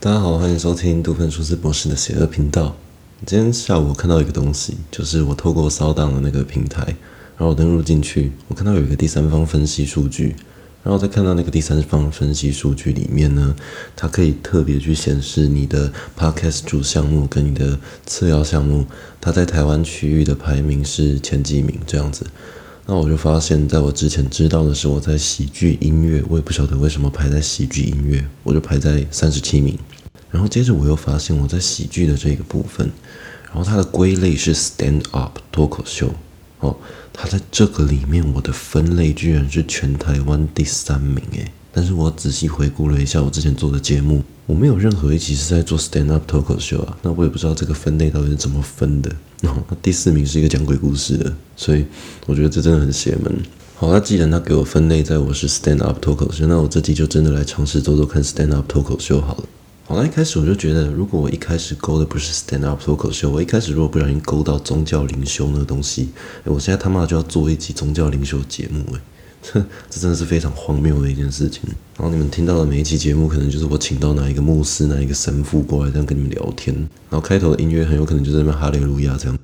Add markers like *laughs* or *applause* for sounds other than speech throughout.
大家好，歡迎收聽杜芬舒斯博士的邪惡頻道。今天下午我看到一個東西，就是我透過 SoundOn 的那個平台，然後我登入進去，我看到有一個第三方分析數據，然後再看到那個第三方分析數據裡面呢，它可以特別去顯示你的 Podcast 主項目跟你的次要項目，它在台灣區域的排名是前幾名這樣子。那我就發現，在我之前知道的是我在喜劇音樂，我也不曉得為什麼排在喜劇音樂，我就排在三十七名。然後接着我又發現我在喜劇的這個部分，然後它的歸類是 stand up 脫口秀，哦，它在這個裡面我的分類居然是全台灣第三名誒。但是我仔細回顧了一下我之前做的節目，我沒有任何一期是在做 stand up 脫口秀啊，那我也不知道這個分類到底是怎麼分的。第四名是一個講鬼故事的，所以我覺得這真的很邪門。好，那既然他給我分類在我是 stand up 脫口秀，那我這集就真的來嘗試做做看 stand up 脫口秀好了。好，那一開始我就覺得，如果我一開始勾的不是 stand up 脫口秀，我一開始如果不小心勾到宗教靈修那個東西，欸，我現在他媽就要做一集宗教靈修節目，欸，哼，這真的是非常荒謬的一件事情。然後你們聽到的每一期節目，可能就是我請到哪一個牧師、哪一個神父過來這樣跟你們聊天。然後開頭的音樂很有可能就是那邊哈利路亞這樣。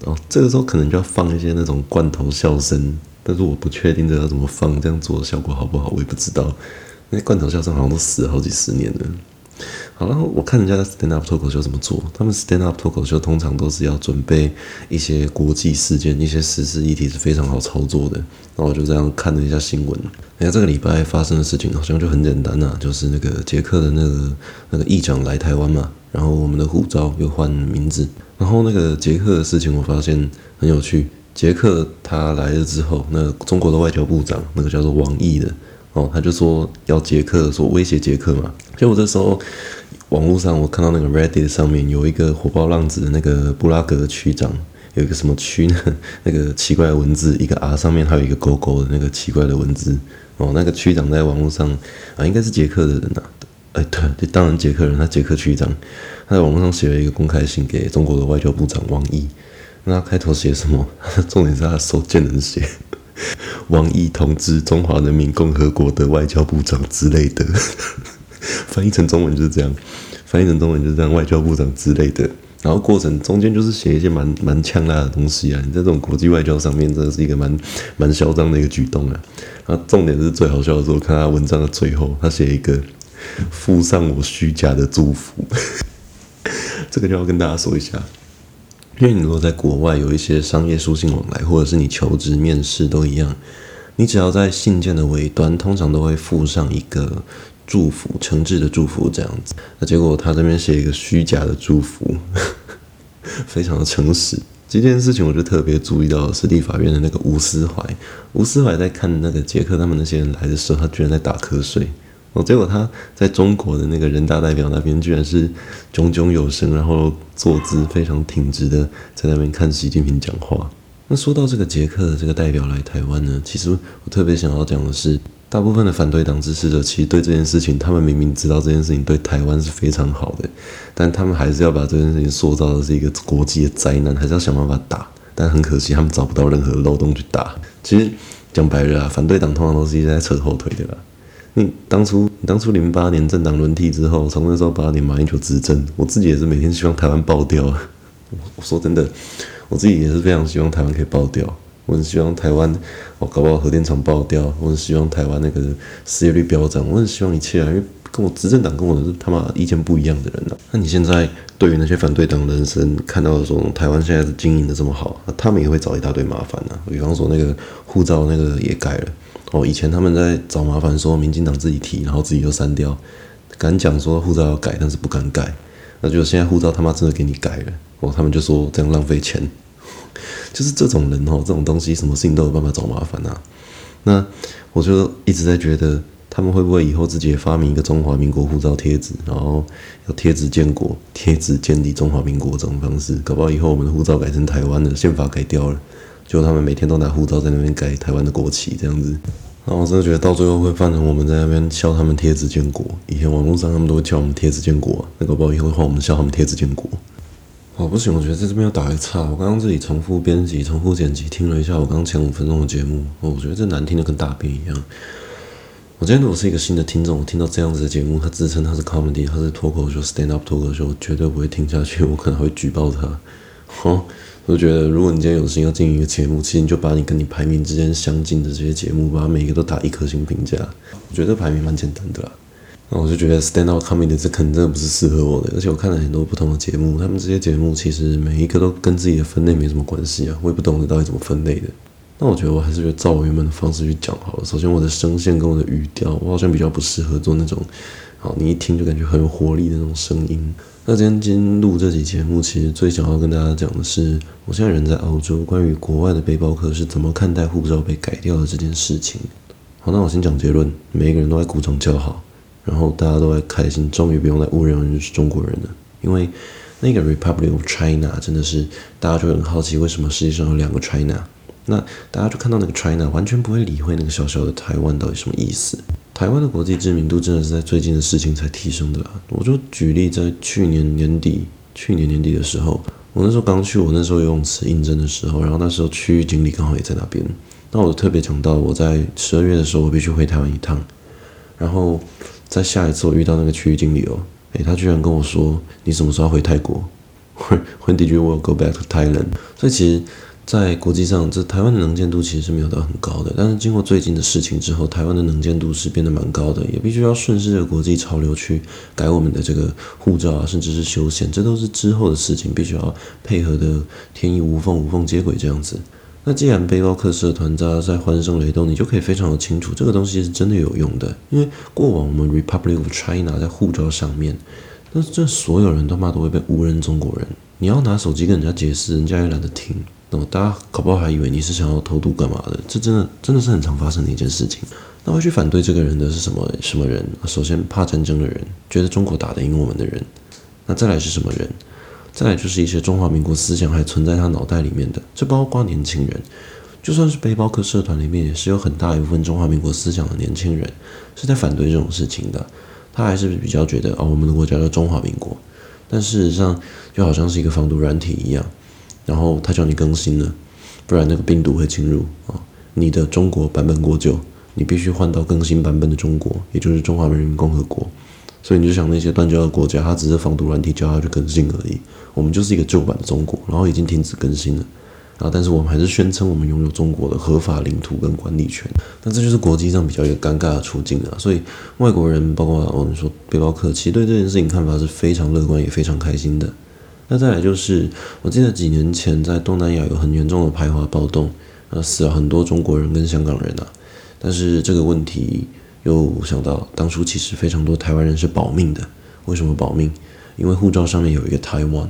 然後，哦，這個時候可能就要放一些那種罐頭笑聲，但是我不確定這要怎麼放，這樣做的效果好不好，我也不知道。那些罐頭笑聲好像都死了好幾十年了。好，然後我看人家的 stand up 脫口秀怎麼做，他們 stand up 脫口秀通常都是要準備一些國際事件、一些時事議題是非常好操作的。然後我就這樣看了一下新聞，家、欸、這個禮拜發生的事情好像就很簡單吶、啊，就是那個捷克的那個那個議長來台灣嘛，然後我們的護照又換名字，然後那個捷克的事情，我發現很有趣。捷克他來了之後，那中國的外交部長那個叫做王毅的哦，他就說要捷克說威脅捷克嘛，結果我這時候。網絡上，我看到那個 Reddit 上面有一個火爆浪子的那個布拉格的區長，有一個什麼區呢？那個奇怪的文字，一個 R 上面還有一個勾勾的那個奇怪的文字。哦，那個區長在網絡上啊，應該是捷克的人吶、啊。哎，對，就當然捷克人，他捷克區長，他在網絡上寫了一個公開信給中國的外交部長王毅。那他開頭寫什麼？重點是他手賤人寫，王毅同志，中華人民共和國的外交部長之類的。翻譯成中文就是這樣，翻譯成中文就是這樣，外交部長之類的。然後過程中間就是寫一些蠻蠻嗆辣的東西啊。你在這種國際外交上面真的是一個蠻蠻囂張的一個舉動啊。然後重點是最好笑的是，我看他文章的最後，他寫一個附上我虛假的祝福。 *laughs* 這個就要跟大家說一下，因為你如果在國外有一些商業書信往來，或者是你求職面試都一樣，你只要在信件的尾端，通常都會附上一個。祝福，誠摯的祝福這樣子，那結果他這邊寫一個虛假的祝福。呵呵非常的誠實。這件事情我就特別注意到的是，立法院的那個吳斯懷。吳斯懷在看那個捷克他們那些人來的時候，他居然在打瞌睡。哦，結果他在中國的那個人大代表那邊，居然是炯炯有神，然後坐姿非常挺直的，在那邊看習近平講話。那說到這個捷克的這個代表來台灣呢，其實我特別想要講的是，大部分的反對黨支持者其實對這件事情，他們明明知道這件事情對台灣是非常好的，但他們還是要把這件事情塑造的是一個國際的災難，還是要想辦法打。但很可惜，他們找不到任何漏洞去打。其實講白了啊，反對黨通常都是一直在扯後腿的啦。你當初你當初零八年政黨輪替之後，從那時候八年馬英九執政，我自己也是每天希望台灣爆掉。我 *laughs* 我說真的，我自己也是非常希望台灣可以爆掉。我很希望台灣，哦，搞不好核電廠爆掉。我很希望台灣那個失業率飆漲。我很希望一切啊，因為跟我執政黨跟我的是他媽意見不一樣的人吶、啊。那你現在對於那些反對黨人士看到說，台灣現在是經營的這麼好，那他們也會找一大堆麻煩吶、啊。比方說那個護照那個也改了。哦，以前他們在找麻煩，說民進黨自己提，然後自己就刪掉。敢講說護照要改，但是不敢改。那就現在護照他媽真的給你改了。哦，他們就說這樣浪費錢。就是這種人哦，這種東西，什麼事情都有辦法找麻煩吶、啊。那我就一直在覺得，他們會不會以後自己也發明一個中華民國護照貼紙，然後要貼紙建國、貼紙建立中華民國這種方式？搞不好以後我們的護照改成台灣的，憲法改掉了，就他們每天都拿護照在那邊改台灣的國旗這樣子。那我真的覺得到最後會變成我們在那邊笑他們貼紙建國，以前網絡上他們都會叫我們貼紙建國，那搞不好以後會換我們笑他們貼紙建國。哦，不行！我覺得在這邊要打個岔。我剛剛自己重複編輯、重複剪輯，聽了一下我剛剛前五分鐘的節目。哦，我覺得這難聽的跟大便一樣。我今天如果是一個新的聽眾，我聽到這樣子的節目，他自稱他是 comedy，他是脫口、er、秀 stand up 脫口、er、秀，我絕對不會聽下去，我可能會舉報他。好、哦，我覺得如果你今天有幸要進一個節目，其實你就把你跟你排名之間相近的這些節目，把它每一個都打一顆星評價。我覺得排名蠻簡單的啦。那我就覺得 Stand Up Comedy 這可能真的不是適合我的，而且我看了很多不同的節目，他們這些節目其實每一個都跟自己的分類沒什麼關係啊，我也不懂得到底怎麼分類的。那我覺得我還是覺得照我原本的方式去講好了。首先，我的聲線跟我的語調，我好像比較不適合做那種好，你一聽就感覺很有活力的那種聲音。那今天今天錄這期節目，其實最想要跟大家講的是，我現在人在澳洲，關於國外的背包客是怎麼看待護照被改掉的這件事情。好，那我先講結論，每一個人都在鼓掌叫好。然後大家都會開心，終於不用再誤認為你是中國人了。因為那個 Republic of China 真的是大家就很好奇，為什麼世界上有兩個 China？那大家就看到那個 China，完全不會理會那個小小的台灣到底什麼意思。台灣的國際知名度真的是在最近的事情才提升的啦。我就舉例在去年年底，去年年底的時候，我那時候剛去我那時候游泳池應徵的時候，然後那時候區域經理剛好也在那邊，那我就特別強調，我在十二月的時候我必須回台灣一趟，然後。在下一次我遇到那個區域經理哦，誒，他居然跟我說：“你什麼時候要回泰國？”When did you go back to Thailand。所以其實，在國際上，這台灣的能見度其實是沒有到很高的。但是經過最近的事情之後，台灣的能見度是變得蠻高的，也必須要順著這個國際潮流去改我們的這個護照啊，甚至是休閒，這都是之後的事情，必須要配合得天衣無縫、無縫接軌這樣子。那既然背包客社團、啊、在歡聲雷動，你就可以非常的清楚，這個東西是真的有用的。因為過往我們 Republic of China 在護照上面，那這所有人他媽都會被誤認中國人。你要拿手機跟人家解釋，人家也懶得聽。那麼大家搞不好還以為你是想要偷渡幹嘛的？這真的真的是很常發生的一件事情。那會去反對這個人的是什麼什麼人？首先怕戰爭的人，覺得中國打得贏我們的人。那再來是什麼人？再來就是一些中華民國思想還存在他腦袋裡面的，這包括年輕人，就算是背包客社團裡面也是有很大一部分中華民國思想的年輕人是在反對這種事情的，他還是比較覺得哦，我們的國家叫中華民國，但事實上就好像是一個防毒軟體一樣，然後他叫你更新了，不然那個病毒會侵入啊，你的中國版本過舊，你必須換到更新版本的中國，也就是中華人民共和國。所以你就想那些斷交的國家，它只是防毒軟體就要去更新而已。我們就是一個舊版的中國，然後已經停止更新了，啊。但是我們還是宣稱我們擁有中國的合法領土跟管理權。那這就是國際上比較一個尷尬的處境啊。所以外國人，包括我們、哦、說背包客，其實對這件事情看法是非常樂觀也非常開心的。那再來就是，我記得幾年前在東南亞有很嚴重的排華暴動，那、啊、死了很多中國人跟香港人啊。但是這個問題。又想到當初其實非常多台灣人是保命的，為什麼保命？因為護照上面有一個 Taiwan。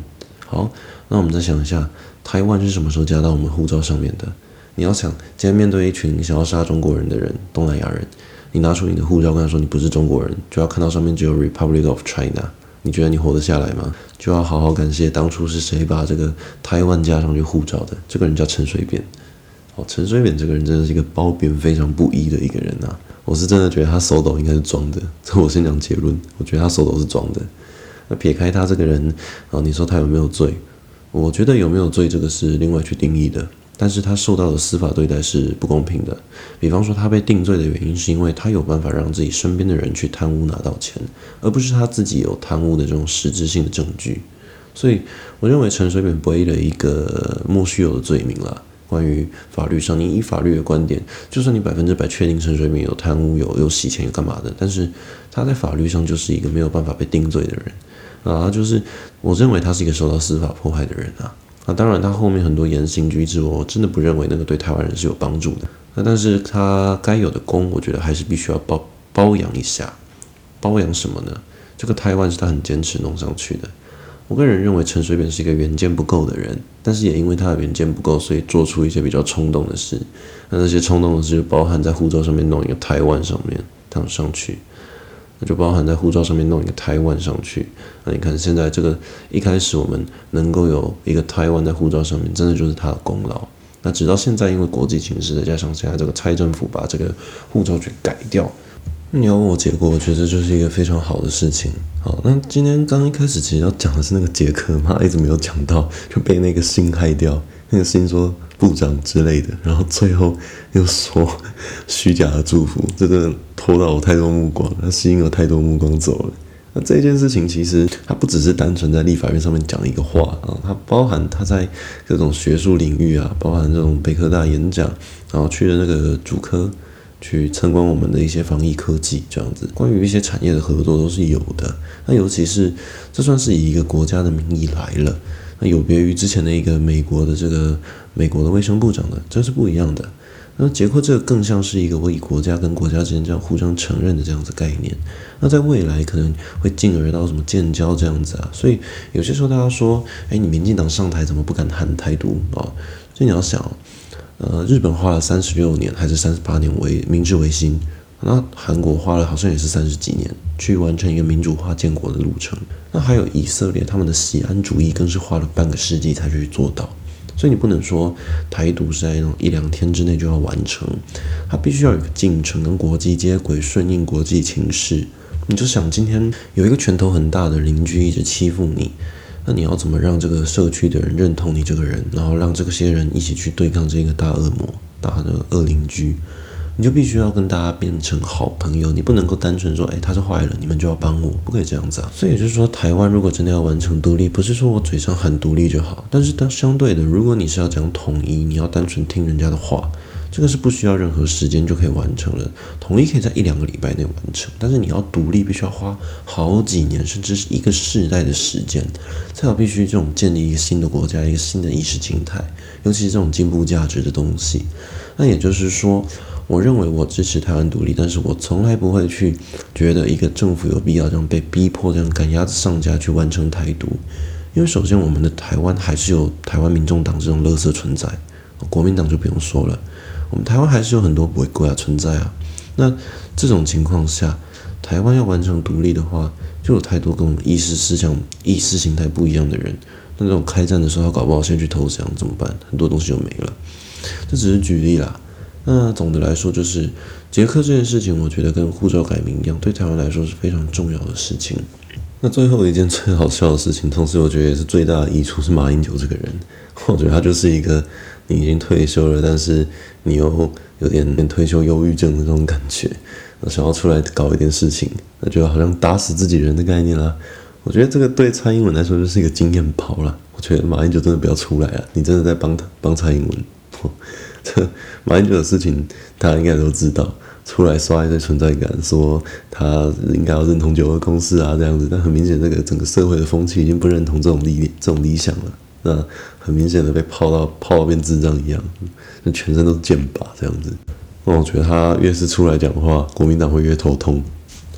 好，那我們再想一下，Taiwan 是什麼時候加到我們護照上面的？你要想，今天面對一群想要殺中國人的人，東南亞人，你拿出你的護照跟他說你不是中國人，就要看到上面只有 Republic of China。你覺得你活得下來嗎？就要好好感謝當初是誰把這個 Taiwan 加上去護照的，這個人叫陳水扁。好，陳水扁這個人真的是一個褒貶非常不一的一個人啊。我是真的覺得他手抖應該是裝的，這我先講結論。我覺得他手抖是裝的。那撇開他這個人，啊，你說他有沒有罪？我覺得有沒有罪這個是另外去定義的。但是他受到的司法對待是不公平的。比方說他被定罪的原因是因為他有辦法讓自己身邊的人去貪污拿到錢，而不是他自己有貪污的這種實質性的證據。所以我認為陳水扁背了一個莫須有的罪名啦。關於法律上，你以法律的觀點，就算你百分之百確定陳水扁有貪污有、有有洗錢、有幹嘛的，但是他在法律上就是一個沒有辦法被定罪的人啊！就是我認為他是一個受到司法迫害的人啊！啊，當然他後面很多言行舉止，我我真的不認為那個對台灣人是有幫助的。那、啊、但是他該有的功，我覺得還是必須要褒褒揚一下。褒揚什麼呢？這個台灣是他很堅持弄上去的。我個人認為陳水扁是一個遠見不夠的人，但是也因為他的遠見不夠，所以做出一些比較衝動的事。那那些衝動的事就包含在護照上面弄一個台灣上面躺上去，那就包含在護照上面弄一個台灣上去。那你看現在這個一開始我們能夠有一個台灣在護照上面，真的就是他的功勞。那直到現在，因為國際情勢再加上現在這個蔡政府把這個護照去改掉。你要問我結果，我覺得就是一個非常好的事情。好，那今天剛一開始其實要講的是那個捷克嘛，一直沒有講到，就被那個信害掉。那個信說部長之類的，然後最後又說虛假的祝福，這個拖到我太多目光，那吸引我太多目光走了。那這件事情其實它不只是單純在立法院上面講一個話啊，它包含他在各種學術領域啊，包含這種北科大演講，然後去的那個主科。去參觀我們的一些防疫科技，這樣子，關於一些產業的合作都是有的。那尤其是這算是以一個國家的名義來了，那有別於之前的一個美國的這個美國的衛生部長的，這是不一樣的。那捷克這個更像是一個我以國家跟國家之間這樣互相承認的這樣子概念。那在未來可能會進而到什麼建交這樣子啊？所以有些時候大家說，哎，你民進黨上台怎麼不敢喊台獨啊？所、哦、以你要想。呃，日本花了三十六年還是三十八年為明治維新，那韓國花了好像也是三十幾年去完成一個民主化建國的路程，那還有以色列，他們的錫安主義更是花了半個世紀才去做到，所以你不能說台獨是在一兩天之內就要完成，它必須要有個進程，跟國際接軌，順應國際情勢。你就想今天有一個拳頭很大的鄰居一直欺負你。那你要怎麼讓這個社區的人認同你這個人，然後讓這些人一起去對抗這個大惡魔、大的惡鄰居，你就必須要跟大家變成好朋友。你不能夠單純說，誒、哎，他是壞人，你們就要幫我，不可以這樣子啊。所以就是說，台灣如果真的要完成獨立，不是說我嘴上喊獨立就好，但是它相對的，如果你是要講統一，你要單純聽人家的話。這個是不需要任何時間就可以完成了，統一可以在一兩個禮拜內完成。但是你要獨立，必須要花好幾年，甚至是一個世代的時間。才要必須這種建立一個新的國家、一個新的意識形態，尤其是這種進步價值的東西。那也就是說，我認為我支持台灣獨立，但是我從來不會去覺得一個政府有必要這樣被逼迫、這樣趕鴨子上架去完成台獨。因為首先，我們的台灣還是有台灣民眾黨這種垃圾存在，國民黨就不用說了。我們台灣還是有很多違規啊存在啊，那這種情況下，台灣要完成獨立的話，就有太多跟我們意識思想、意識形態不一樣的人，那這種開戰的時候，他搞不好先去投降怎麼辦？很多東西就沒了。這只是舉例啦。那總的來說，就是捷克這件事情，我覺得跟護照改名一樣，對台灣來說是非常重要的事情。最後一件最好笑的事情，同時我覺得也是最大的益處是馬英九這個人，我覺得他就是一個你已經退休了，但是你又有點退休憂鬱症的這種感覺，想要出來搞一點事情，那就好像打死自己人的概念啦。我覺得這個對蔡英文來說就是一個經驗包了。我覺得馬英九真的不要出來了，啊，你真的在幫他幫蔡英文呵呵。這馬英九的事情，大家應該都知道。出來刷一個存在感，說他應該要認同九二共識啊這樣子，但很明顯，這個整個社會的風氣已經不認同這種理、這種理想了。那很明顯的被泡到泡到變智障一樣，就全身都是箭靶這樣子。那我覺得他越是出來講話，國民黨會越頭痛。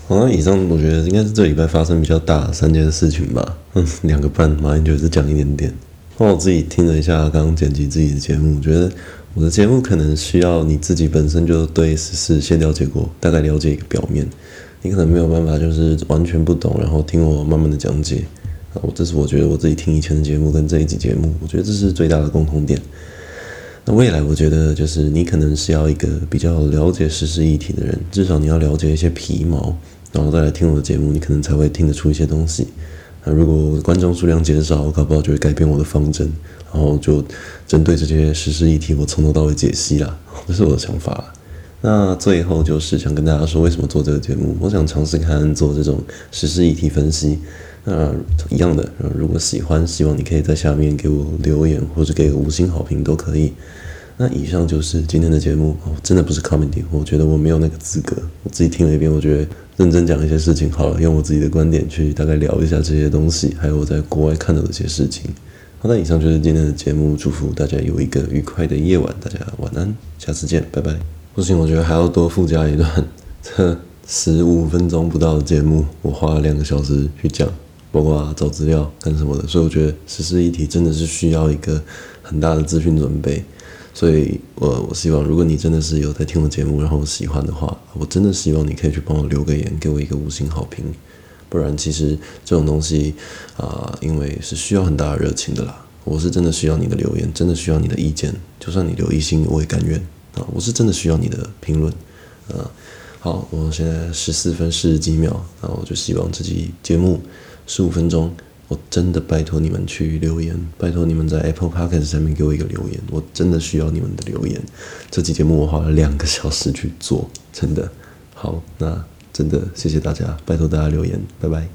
好，那以上我覺得應該是這禮拜發生比較大的三件事情吧。嗯，兩個半，馬英九是講一點點。那我自己聽了一下剛剛剪輯自己的節目，我覺得。我的節目可能需要你自己本身就對時事先了解過，大概了解一個表面，你可能沒有辦法就是完全不懂，然後聽我慢慢的講解。啊，這是我覺得我自己聽以前的節目跟這一集節目，我覺得這是最大的共同點。那未來我覺得就是你可能需要一個比較了解時事議題的人，至少你要了解一些皮毛，然後再來聽我的節目，你可能才會聽得出一些東西。如果我的觀眾數量減少，我搞不好就會改變我的方針，然後就針對這些時事議題，我從頭到尾解析啦。這是我的想法。那最後就是想跟大家說，為什麼做這個節目？我想嘗試看做這種時事議題分析。那一樣的，如果喜歡，希望你可以在下面給我留言，或者給個五星好評都可以。那以上就是今天的節目。我真的不是 comedy，我覺得我沒有那個資格。我自己聽了一遍，我覺得。認真講一些事情，好了，用我自己的觀點去大概聊一下這些東西，還有我在國外看到的一些事情。好，那以上就是今天的節目，祝福大家有一個愉快的夜晚，大家晚安，下次見，拜拜。不行，我覺得還要多附加一段，這十五分鐘不到的節目，我花了兩個小時去講，包括、啊、找資料幹什麼的，所以我覺得時事議題真的是需要一個很大的資訊準備。所以我，我我希望，如果你真的是有在聽我節目，然後喜歡的話，我真的希望你可以去幫我留個言，給我一個五星好評。不然，其實這種東西，啊、呃，因為是需要很大的熱情的啦。我是真的需要你的留言，真的需要你的意見。就算你留一星，我也甘願。啊、呃，我是真的需要你的評論。啊、呃，好，我現在十四分四十幾秒，那我就希望這期節目十五分鐘。我真的拜託你們去留言，拜託你們在 Apple Podcast 上面給我一個留言，我真的需要你們的留言。這期節目我花了兩個小時去做，真的。好，那真的謝謝大家，拜託大家留言，拜拜。